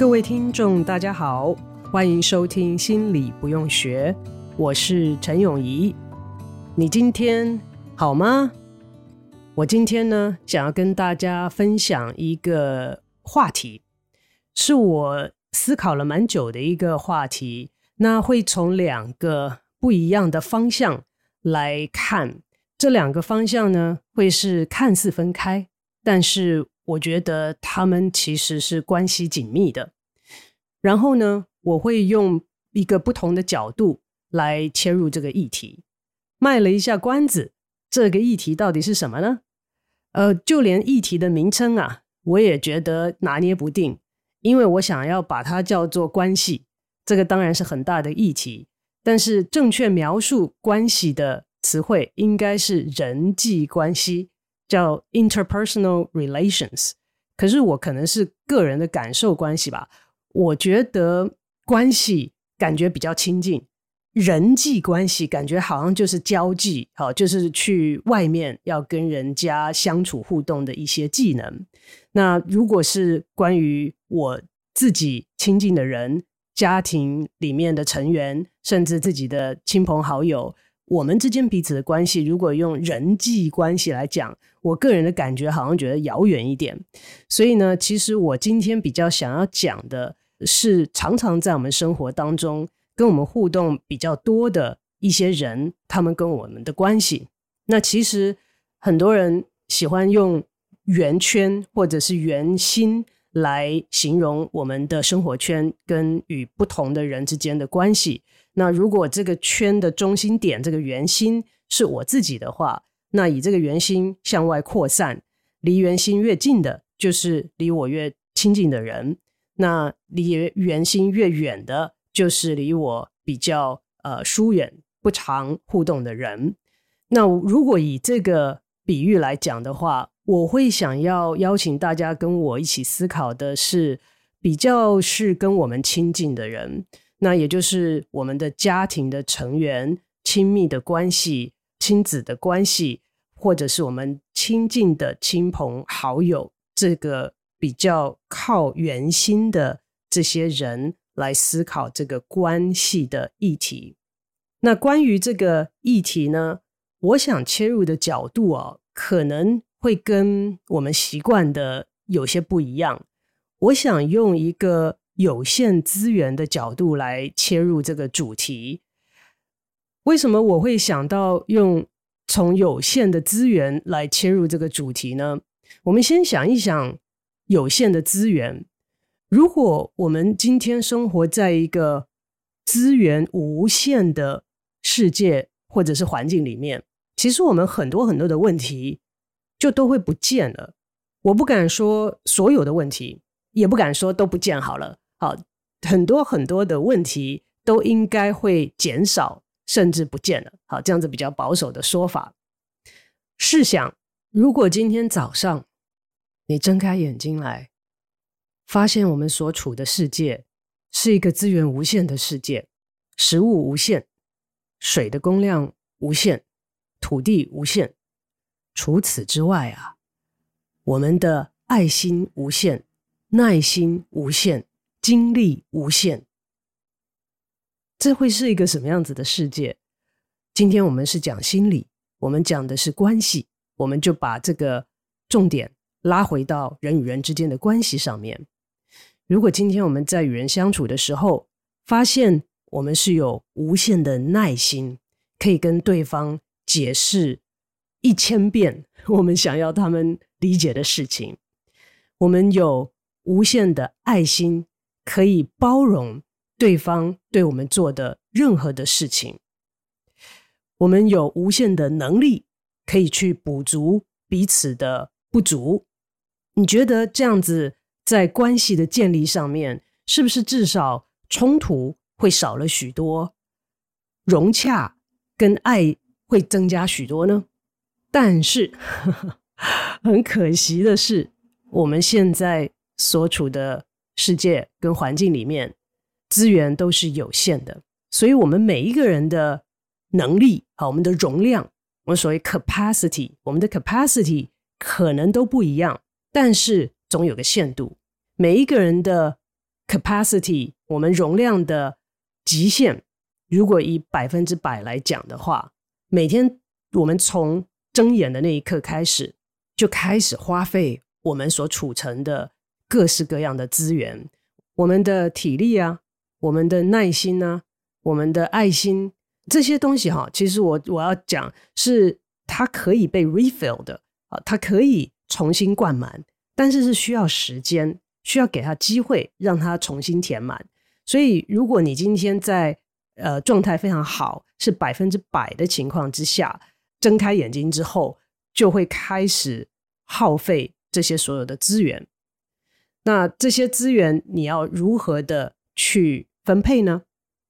各位聽眾，大家好，歡迎收聽《心理不用學》，我是陳永儀。你今天好嗎？我今天呢，想要跟大家分享一個話題，是我思考了蠻久的一個話題。那會從兩個不一樣的方向來看，這兩個方向呢，會是看似分開，但是。我覺得他們其實是關係緊密的。然後呢，我會用一個不同的角度來切入這個議題，賣了一下關子。這個議題到底是什麼呢？呃，就連議題的名稱啊，我也覺得拿捏不定，因為我想要把它叫做“關係”，這個當然是很大的議題。但是，正確描述關係的詞彙應該是“人際關係”。叫 interpersonal relations，可是我可能是個人的感受關係吧。我覺得關係感覺比較親近，人際關係感覺好像就是交際，好，就是去外面要跟人家相處互動的一些技能。那如果是關於我自己親近的人，家庭裡面的成員，甚至自己的親朋好友。我們之間彼此的關係，如果用人際關係來講，我個人的感覺好像覺得遙遠一點。所以呢，其實我今天比較想要講的是，常常在我們生活當中跟我們互動比較多的一些人，他們跟我們的關係。那其實很多人喜歡用圓圈或者是圓心來形容我們的生活圈跟與不同的人之間的關係。那如果這個圈的中心點，這個圓心是我自己的話，那以這個圓心向外擴散，離圓心越近的，就是離我越親近的人；那離圓心越遠的，就是離我比較呃疏遠、不常互動的人。那如果以這個比喻來講的話，我會想要邀請大家跟我一起思考的是，比較是跟我們親近的人。那也就是我們的家庭的成員、親密的關係、親子的關係，或者是我們親近的親朋好友，這個比較靠圓心的這些人來思考這個關係的議題。那關於這個議題呢，我想切入的角度啊、哦，可能會跟我們習慣的有些不一樣。我想用一個有限資源的角度來切入這個主題。為什麼我會想到用從有限的資源來切入這個主題呢？我們先想一想有限的資源。如果我們今天生活在一個資源無限的世界或者是環境裡面，其實我們很多很多的問題就都會不見了。我不敢說所有的問題，也不敢說都不見好了。好，很多很多的問題都應該會減少，甚至不見了。好，這樣子比較保守的說法。試想，如果今天早上你睜開眼睛來，發現我們所處的世界是一個資源無限的世界，食物無限，水的供量無限，土地無限。除此之外啊，我們的愛心無限，耐心無限。精力無限，這會是一個什麼樣子的世界？今天我們是講心理，我們講的是關係，我們就把這個重點拉回到人與人之間的關係上面。如果今天我們在與人相處的時候，發現我們是有無限的耐心，可以跟對方解釋一千遍我們想要他們理解的事情，我們有無限的愛心。可以包容對方對我們做的任何的事情，我們有無限的能力可以去補足彼此的不足。你覺得這樣子在關係的建立上面，是不是至少衝突會少了許多，融洽跟愛會增加許多呢？但是，呵呵，很可惜的是，我們現在所處的。世界跟環境裡面資源都是有限的，所以我們每一個人的能力，好，我們的容量，我們所謂 capacity，我們的 capacity 可能都不一樣，但是總有個限度。每一個人的 capacity，我們容量的極限，如果以百分之百來講的話，每天我們從睜眼的那一刻開始，就開始花費我們所儲存的。各式各樣的資源，我們的體力啊，我們的耐心啊，我們的愛心這些東西哈，其實我我要講是它可以被 refill 的啊，它可以重新灌滿，但是是需要時間，需要給它機會讓它重新填滿。所以，如果你今天在呃狀態非常好，是百分之百的情況之下，睜開眼睛之後，就會開始耗費這些所有的資源。那這些資源你要如何的去分配呢？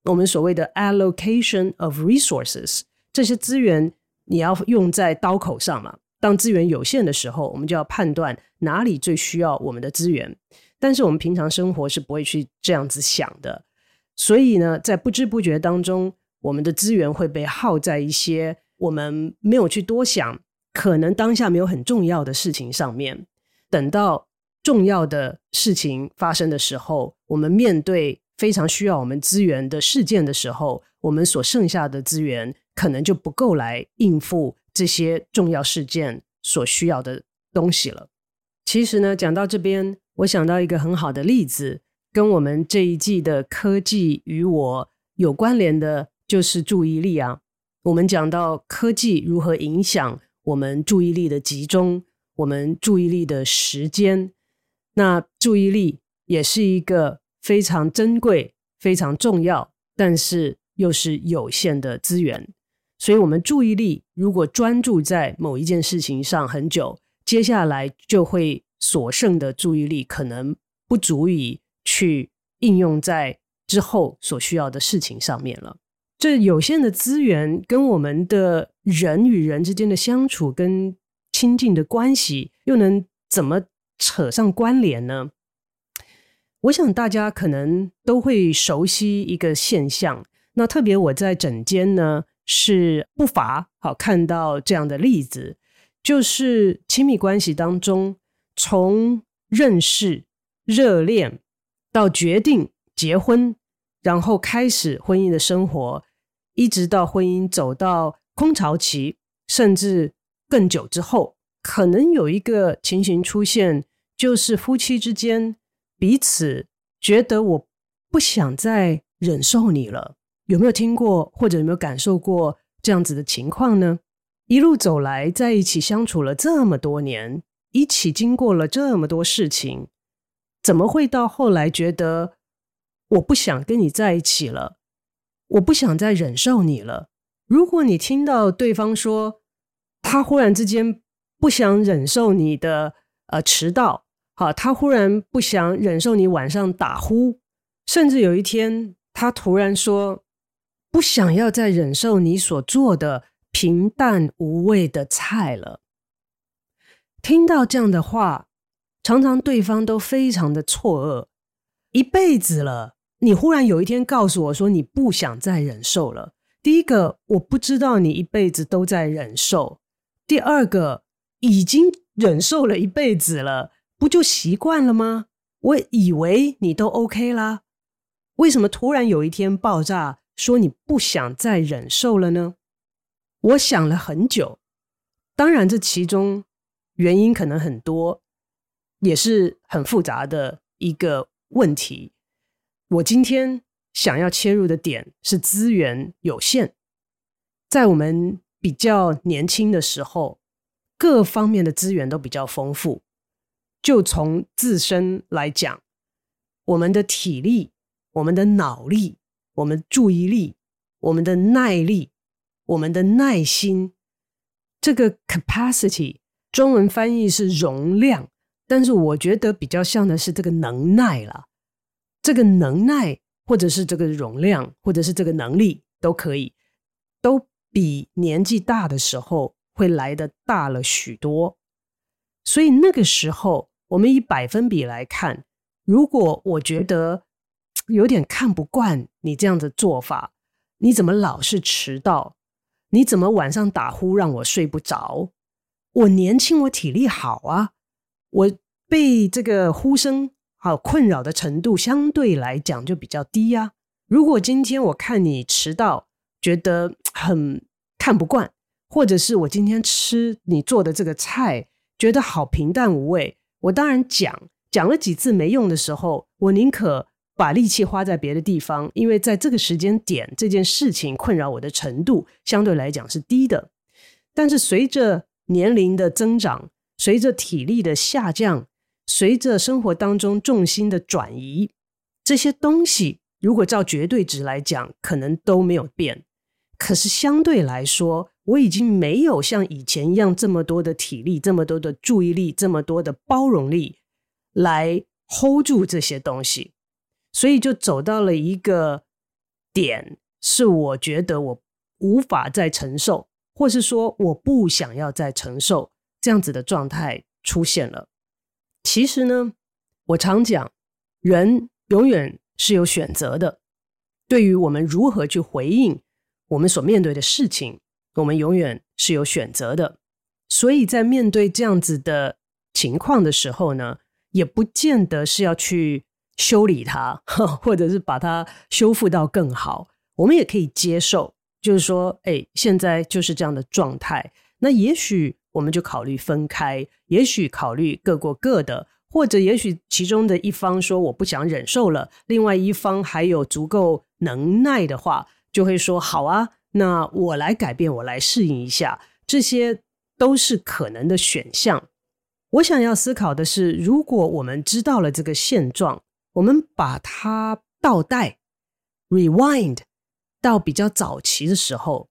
我們所謂的 allocation of resources，這些資源你要用在刀口上嘛。當資源有限的時候，我們就要判斷哪裡最需要我們的資源。但是我們平常生活是不會去這樣子想的，所以呢，在不知不覺當中，我們的資源會被耗在一些我們沒有去多想，可能當下沒有很重要的事情上面，等到，重要的事情發生的時候，我們面對非常需要我們資源的事件的時候，我們所剩下的資源可能就不夠來應付這些重要事件所需要的東西了。其實呢，講到這邊，我想到一個很好的例子，跟我們這一季的科技與我有關聯的就是注意力啊。我們講到科技如何影響我們注意力的集中，我們注意力的時間。那注意力也是一個非常珍貴、非常重要，但是又是有限的資源。所以，我們注意力如果專注在某一件事情上很久，接下來就會所剩的注意力可能不足以去應用在之後所需要的事情上面了。這有限的資源跟我們的人與人之間的相處跟親近的關係，又能怎麼？扯上關聯呢？我想大家可能都會熟悉一個現象。那特別我在診間呢是不乏好看到這樣的例子，就是親密關係當中，從認識、熱戀到決定結婚，然後開始婚姻的生活，一直到婚姻走到空巢期，甚至更久之後，可能有一個情形出現。就是夫妻之間彼此覺得，我不想再忍受你了。有沒有聽過或者有沒有感受過這樣子的情況呢？一路走來，在一起相處了這麼多年，一起經過了這麼多事情，怎麼會到後來覺得我不想跟你在一起了，我不想再忍受你了？如果你聽到對方說他忽然之間不想忍受你的，呃，遲到，好，啊，他忽然不想忍受你晚上打呼，甚至有一天他突然說不想要再忍受你所做的平淡無味的菜了。聽到這樣的話，常常對方都非常的錯愕。一輩子了，你忽然有一天告訴我說你不想再忍受了。第一個，我不知道你一輩子都在忍受；第二個，已經忍受了一輩子了。不就習慣了嗎？我以為你都 OK 啦，為什麼突然有一天爆炸，說你不想再忍受了呢？我想了很久，當然這其中原因可能很多，也是很複雜的一個問題。我今天想要切入的點是資源有限，在我們比較年輕的時候，各方面的資源都比較豐富。就從自身來講，我們的體力、我們的腦力、我們注意力、我們的耐力、我們的耐心，這個 capacity 中文翻譯是容量，但是我覺得比較像的是這個能耐了。這個能耐，或者是這個容量，或者是這個能力，都可以，都比年紀大的時候會來得大了許多。所以那個時候，我們以百分比來看，如果我覺得有點看不慣你這樣的做法，你怎麼老是遲到？你怎麼晚上打呼讓我睡不着？我年輕，我體力好啊，我被這個呼聲啊困擾的程度相對來講就比較低啊。如果今天我看你遲到，覺得很看不慣，或者是我今天吃你做的這個菜，覺得好平淡無味。我當然講，講了幾次沒用的時候，我寧可把力氣花在別的地方，因為在這個時間點，這件事情困擾我的程度相對來講是低的。但是隨着年齡的增長，隨着體力的下降，隨着生活當中重心的轉移，這些東西如果照絕對值來講，可能都沒有變，可是相對來說。我已經沒有像以前一樣這麼多的體力，這麼多的注意力，這麼多的包容力來 hold 住這些東西，所以就走到了一個點，是我覺得我無法再承受，或是說我不想要再承受這樣子的狀態出現了。其實呢，我常講，人永遠是有選擇的，對於我們如何去回應我們所面對的事情。我們永遠是有選擇的，所以在面對這樣子的情況的時候呢，也不見得是要去修理它，或者是把它修復到更好。我們也可以接受，就是說，哎，現在就是這樣的狀態。那也許我們就考慮分開，也許考慮各過各的，或者也許其中的一方說我不想忍受了，另外一方還有足夠能耐的話，就會說好啊。那我來改變，我來適應一下，這些都是可能的選項。我想要思考的是，如果我們知道了這個現狀，我們把它倒帶，rewind 到比較早期的時候，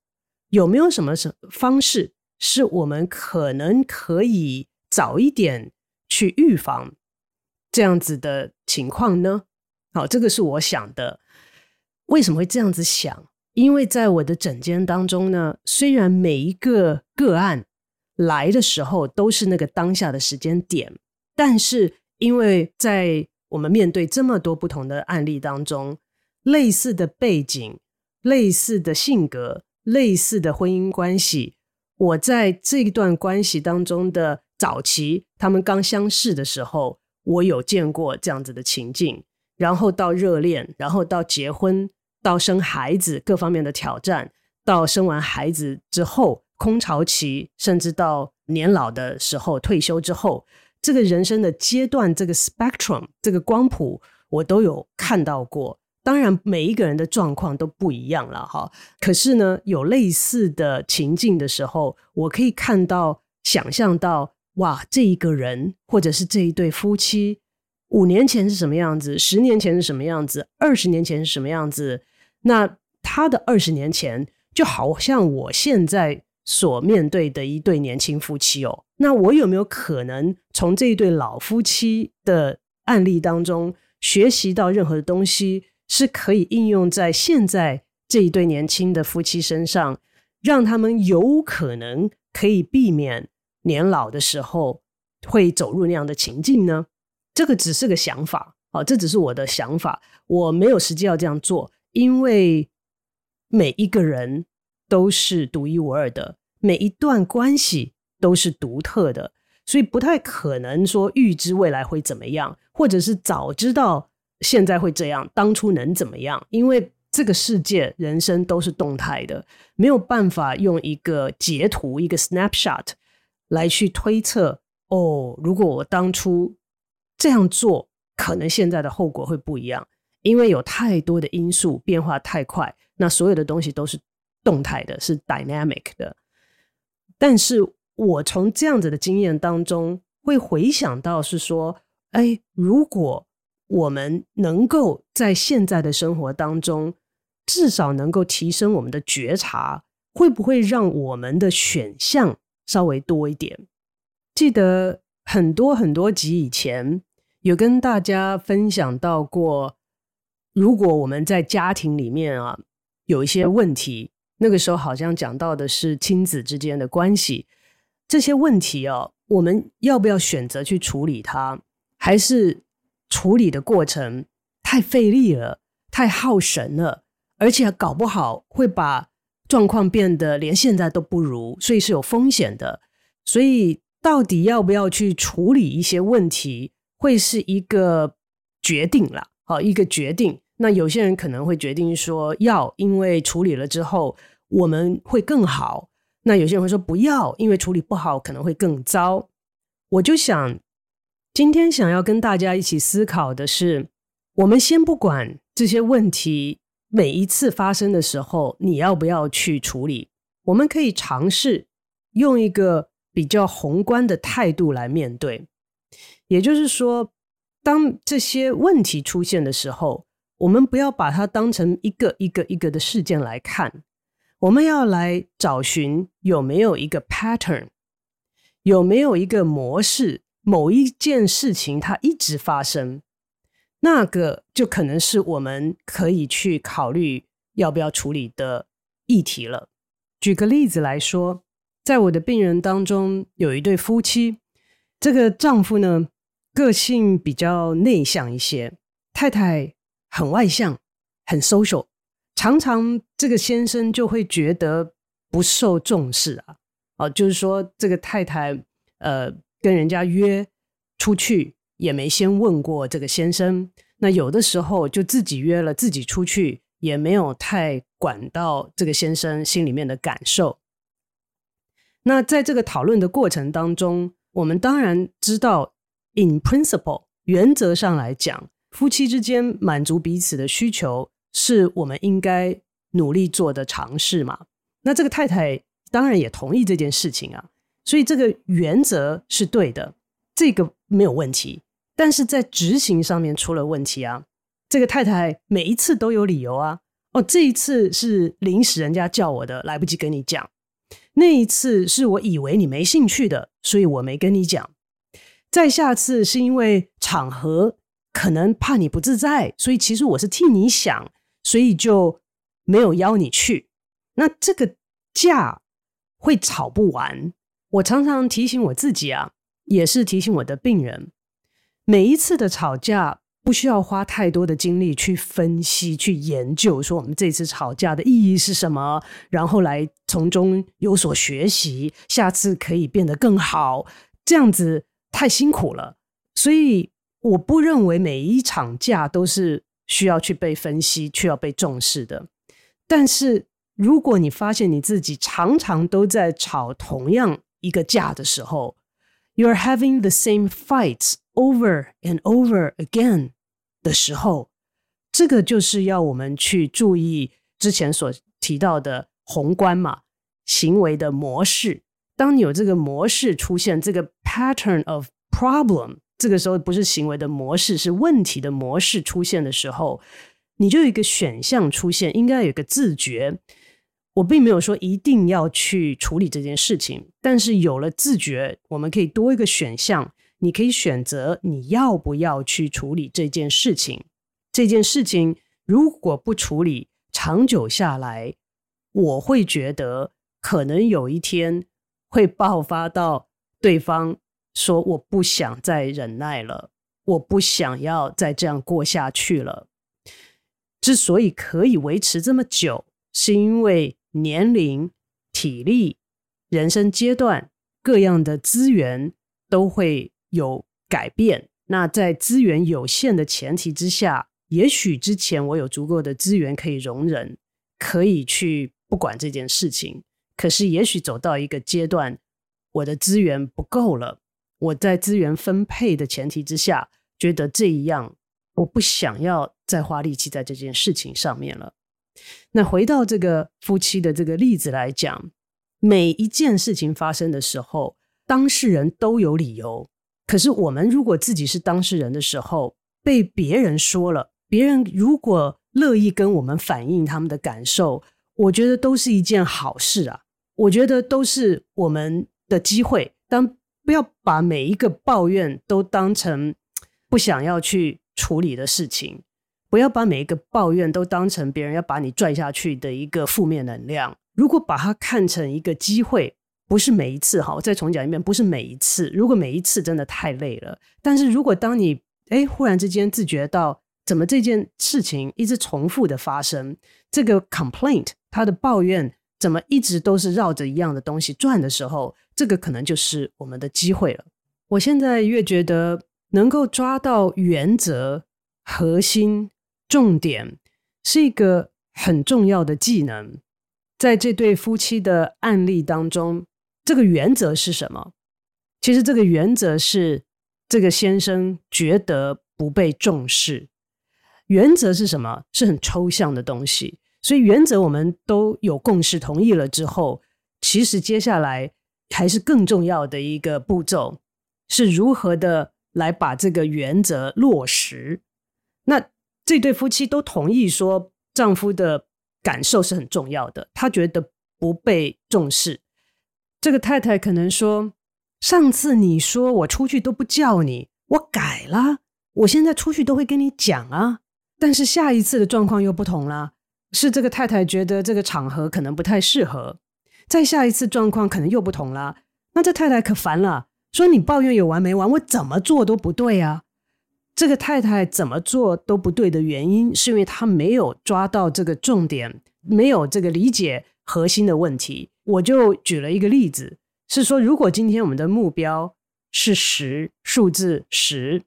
有沒有什麼什麼方式，是我們可能可以早一點去預防這樣子的情況呢？好，這個是我想的。為什麼會這樣子想？因為在我的診間當中呢，雖然每一個個案來的時候都是那個當下的時間點，但是因為在我們面對這麼多不同的案例當中，類似的背景、類似的性格、類似的婚姻關係，我在這段關係當中的早期，他們剛相識的時候，我有見過這樣子的情境，然後到熱戀，然後到結婚。到生孩子各方面的挑戰，到生完孩子之後空巢期，甚至到年老的時候退休之後，這個人生的階段，這個 spectrum，這個光譜，我都有看到過。當然，每一個人的狀況都不一樣了哈。可是呢，有類似的情境的時候，我可以看到、想象到，哇，這一個人或者是這一對夫妻，五年前是什麼樣子，十年前是什麼樣子，二十年前是什麼樣子。那他的二十年前就好像我現在所面對的一對年輕夫妻哦，那我有沒有可能從這一對老夫妻的案例當中學習到任何的東西，是可以應用在現在這一對年輕的夫妻身上，讓他們有可能可以避免年老的時候會走入那樣的情境呢？這個只是個想法，哦，這只是我的想法，我沒有實際要這樣做。因為每一個人都是獨一無二的，每一段關係都是獨特的，所以不太可能說預知未來會怎麼樣，或者是早知道現在會這樣，當初能怎麼樣？因為這個世界、人生都是動態的，沒有辦法用一個截圖、一個 snapshot 來去推測。哦，如果我當初這樣做，可能現在的後果會不一樣。因為有太多的因素變化太快，那所有的東西都是動態的，是 dynamic 的。但是我從這樣子的經驗當中，會回想到是說，哎，如果我們能夠在現在的生活當中，至少能夠提升我們的覺察，會不會讓我們的選項稍微多一點？記得很多很多集以前有跟大家分享到過。如果我們在家庭裡面啊有一些問題，那個時候好像講到的是親子之間的關係，這些問題哦、啊，我們要不要選擇去處理它？還是處理的過程太費力了，太耗神了，而且搞不好會把狀況變得連現在都不如，所以是有風險的。所以到底要不要去處理一些問題，會是一個決定了，好、啊，一個決定。那有些人可能會決定說要，因為處理了之後我們會更好。那有些人會說不要，因為處理不好可能會更糟。我就想今天想要跟大家一起思考的是，我們先不管這些問題每一次發生的時候你要不要去處理，我們可以嘗試用一個比較宏觀的態度來面對。也就是說，當這些問題出現的時候，我們不要把它當成一個一個一個的事件來看，我們要來找尋有沒有一個 pattern，有沒有一個模式，某一件事情它一直發生，那個就可能是我們可以去考慮要不要處理的議題了。舉個例子來說，在我的病人當中，有一對夫妻，這個丈夫呢，個性比較內向一些，太太，很外向，很 social，常常這個先生就會覺得不受重視啊！哦、呃，就是說這個太太呃跟人家約出去，也沒先問過這個先生。那有的時候就自己約了自己出去，也沒有太管到這個先生心裡面的感受。那在這個討論的過程當中，我們當然知道，in principle，原則上來講。夫妻之間滿足彼此的需求是我們應該努力做的嘗試嘛？那這個太太當然也同意這件事情啊，所以這個原則是對的，這個沒有問題。但是在執行上面出了問題啊！這個太太每一次都有理由啊。哦，這一次是臨時人家叫我的，來不及跟你講；那一次是我以為你沒興趣的，所以我沒跟你講；再下次是因為場合。可能怕你不自在，所以其實我是替你想，所以就沒有邀你去。那這個架會吵不完。我常常提醒我自己啊，也是提醒我的病人，每一次的吵架不需要花太多的精力去分析、去研究，說我們這次吵架的意義是什麼，然後來從中有所學習，下次可以變得更好。這樣子太辛苦了，所以。我不認為每一場架都是需要去被分析、需要被重視的。但是，如果你發現你自己常常都在吵同樣一個架的時候，you're having the same fights over and over again 的時候，這個就是要我們去注意之前所提到的宏觀嘛，行為的模式。當你有這個模式出現，這個 pattern of problem。這個時候不是行為的模式，是問題的模式出現的時候，你就有一個選項出現，應該有一個自覺。我並沒有說一定要去處理這件事情，但是有了自覺，我們可以多一個選項，你可以選擇你要不要去處理這件事情。這件事情如果不處理，長久下來，我會覺得可能有一天會爆發到對方，說我不想再忍耐了，我不想要再這樣過下去了。之所以可以維持這麼久，是因為年齡、體力、人生階段各樣的資源都會有改變。那在資源有限的前提之下，也許之前我有足夠的資源可以容忍，可以去不管這件事情。可是，也許走到一個階段，我的資源不夠了。我在資源分配的前提之下，覺得這樣，我不想要再花力氣在這件事情上面了。那回到這個夫妻的這個例子來講，每一件事情發生的時候，當事人都有理由。可是我們如果自己是當事人的時候，被別人說了，別人如果樂意跟我們反映他們的感受，我覺得都是一件好事啊。我覺得都是我們的機會。當不要把每一個抱怨都當成不想要去處理的事情，不要把每一個抱怨都當成別人要把你拽下去的一個負面能量。如果把它看成一個機會，不是每一次哈，我再重講一遍，不是每一次。如果每一次真的太累了，但是如果當你誒忽然之間自覺到怎麼這件事情一直重複的發生，這個 complaint 他的抱怨怎麼一直都是繞着一樣的東西轉的時候。這個可能就是我們的機會了。我現在越覺得，能夠抓到原則、核心、重點，是一個很重要的技能。在這對夫妻的案例當中，這個原則是什麼？其實這個原則是這個先生覺得不被重視。原則是什麼？是很抽象的東西。所以，原則我們都有共識、同意了之後，其實接下來。還是更重要的一個步驟，是如何的來把這個原則落實。那這對夫妻都同意說，丈夫的感受是很重要的。他覺得不被重視，這個太太可能說：“上次你說我出去都不叫你，我改了，我現在出去都會跟你講啊。”但是下一次的狀況又不同了，是這個太太覺得這個場合可能不太適合。再下一次狀況可能又不同了，那這太太可煩了，說你抱怨有完沒完，我怎麼做都不對啊！這個太太怎麼做都不對的原因，是因為她沒有抓到這個重點，沒有這個理解核心的問題。我就舉了一個例子，是說如果今天我們的目標是十，數字十，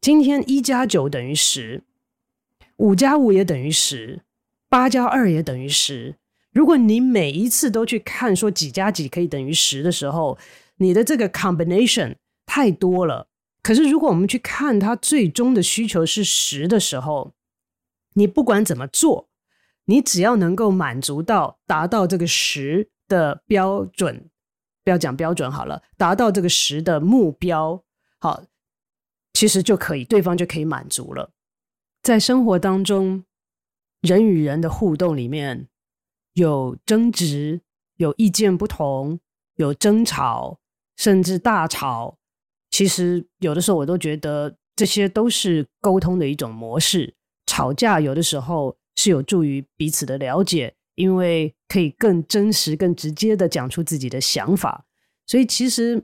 今天一加九等於十，五加五也等於十，八加二也等於十。如果你每一次都去看說，幾加幾可以等於十的時候，你的這個 combination 太多了。可是如果我們去看他最終的需求是十的時候，你不管怎麼做，你只要能夠滿足到達到這個十的標準，不要講標準好了，達到這個十的目標，好，其實就可以，對方就可以滿足了。在生活當中，人與人的互動裡面，有爭執，有意見不同，有爭吵，甚至大吵。其實有的時候，我都覺得這些都是溝通的一種模式。吵架有的時候是有助於彼此的了解，因為可以更真實、更直接的講出自己的想法。所以，其實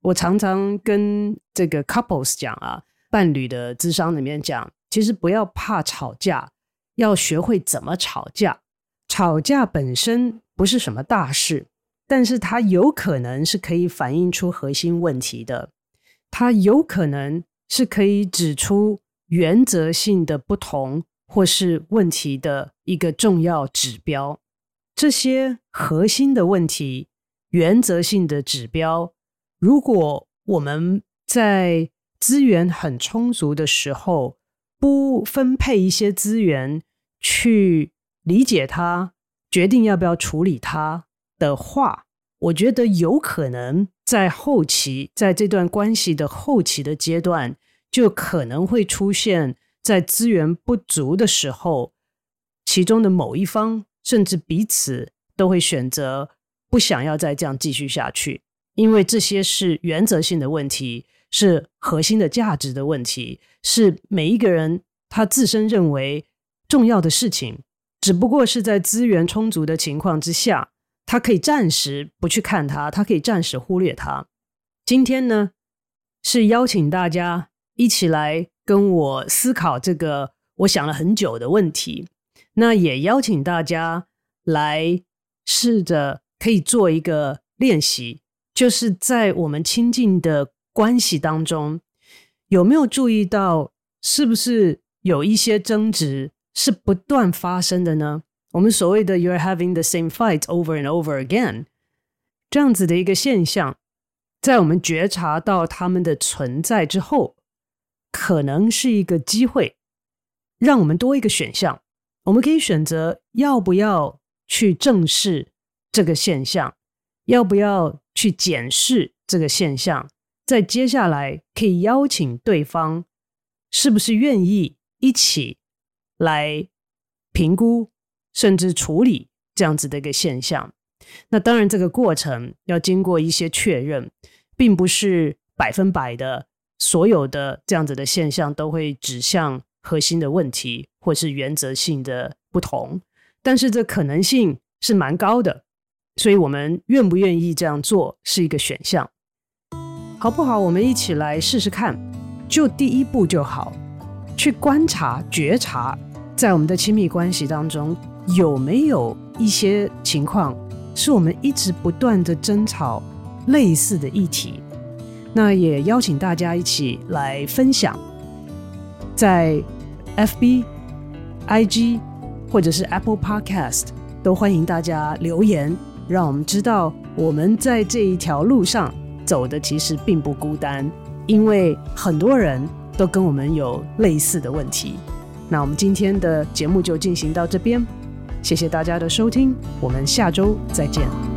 我常常跟這個 couples 講啊，伴侶的諮商裡面講，其實不要怕吵架，要學會怎麼吵架。吵架本身不是什麼大事，但是它有可能是可以反映出核心問題的，它有可能是可以指出原則性的不同或是問題的一個重要指標。這些核心的問題、原則性的指標，如果我們在資源很充足的時候，不分配一些資源去理解他，決定要不要處理他的話，我覺得有可能在後期，在這段關係的後期的階段，就可能會出現在資源不足的時候，其中的某一方甚至彼此都會選擇不想要再這樣繼續下去，因為這些是原則性的問題，是核心的價值的問題，是每一個人他自身認為重要的事情。只不過是在資源充足的情況之下，他可以暫時不去看他，他可以暫時忽略他。今天呢，是邀請大家一起來跟我思考這個我想了很久的問題。那也邀請大家來試着可以做一個練習，就是在我們親近的關係當中，有沒有注意到是不是有一些爭執？是不斷發生的呢？我們所謂的 “you're having the same fight over and over again” 這樣子的一個現象，在我們覺察到他們的存在之後，可能是一個機會，讓我們多一個選項。我們可以選擇要不要去正視這個現象，要不要去檢視這個現象，在接下來可以邀請對方是不是願意一起，來評估，甚至處理這樣子的一個現象。那當然，這個過程要經過一些確認，並不是百分百的所有的這樣子的現象都會指向核心的問題或是原則性的不同。但是這可能性是蠻高的，所以我們願不願意這樣做是一個選項，好不好？我們一起來試試看，就第一步就好。去觀察、覺察，在我們的親密關係當中，有沒有一些情況是我們一直不斷的爭吵類似的議題？那也邀請大家一起來分享，在 FB、IG 或者是 Apple Podcast 都歡迎大家留言，讓我們知道我們在這一條路上走的其實並不孤單，因為很多人。都跟我們有類似的問題，那我們今天的節目就進行到這邊，謝謝大家的收聽，我們下周再見。